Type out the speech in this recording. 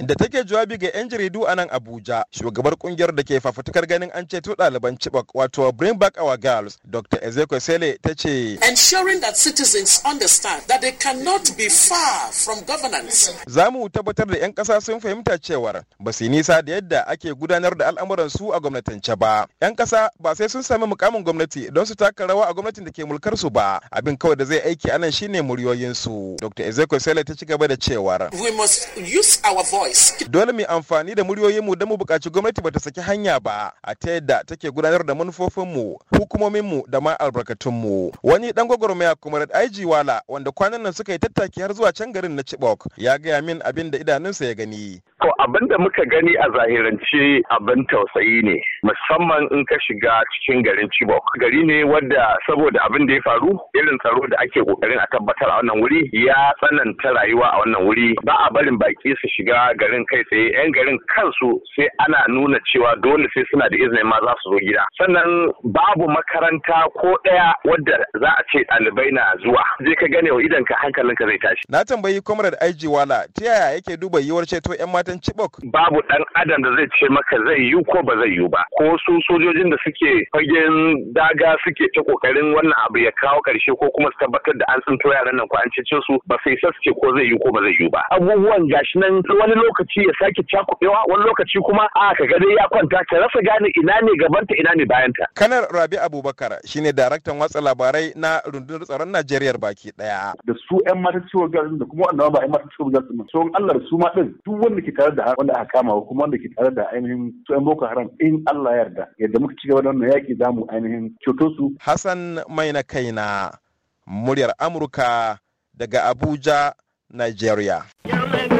da take jawabi ga 'yan jaridu a nan Abuja, shugabar kungiyar da ke fafutukar ganin an ceto ɗaliban Chibok wato Bring Back Our Girls, Dr. Ezekiel Sele ta ce. Ensuring that citizens understand that they cannot be far from governance. Za mu tabbatar da 'yan ƙasa sun fahimta cewar ba su nisa da yadda ake gudanar da al'amuran su a gwamnatance ba. 'Yan ƙasa ba sai sun sami mukamin gwamnati don su taka rawa a gwamnatin da ke mulkar su ba. Abin kawai da zai aiki anan shine muryoyinsu. Dr. Ezekiel Sele ta ci gaba da cewar. We must use our voice voice. Dole mu amfani da muryoyin mu don mu buƙaci gwamnati bata saki hanya ba a ta yadda take gudanar da manufofin mu hukumomin mu da ma albarkatun mu Wani dan gwagwarmaya kuma IG Wala wanda kwanan nan suka yi tattaki har zuwa can garin na Chibok ya gaya min abin da idanunsa ya gani. To abin da muka gani a zahirance abin tausayi ne musamman in ka shiga cikin garin Chibok. Gari ne wadda saboda abin da ya faru irin tsaro da ake kokarin a tabbatar a wannan wuri ya tsananta rayuwa a wannan wuri ba a barin baki su shiga garin kai tsaye yan garin kansu sai ana nuna cewa dole sai suna da izinin ma za su zo gida. Sannan babu makaranta ko ɗaya wadda za a ce ɗalibai na zuwa. Je ka gane wa idan ka hankalin ka zai tashi. Na tambayi Comrade IG Wala ta yaya yake duba yiwuwar ceto 'yan matan Chibok? Babu ɗan adam da zai ce maka zai yiwu ko ba zai yiwu ba. ko su sojojin da suke fagen daga suke ta kokarin wannan abu ya kawo karshe ko kuma su tabbatar da an san to yaran nan ko an cece su ba sai sa suke ko zai yi ko ba zai yi ba abubuwan gashi nan wani lokaci ya sake cakuɗewa wani lokaci kuma a ka ga dai ya kwanta ka rasa gane ina ne gabanta ina ne bayanta kanar rabi abubakar shine daraktan watsa labarai na rundunar tsaron najeriya baki daya da su yan mata garin da kuma wanda ba yan mata garin nan allah su ma din duk wanda ke tare da wanda aka kama ko kuma wanda ke tare da ainihin su yan boko haram in allah Allah yarda yadda muka ci gaba da wannan yaƙi za mu ainihin ceto su. Hassan mai na kai na muryar Amurka daga Abuja, Nigeria. Yeah,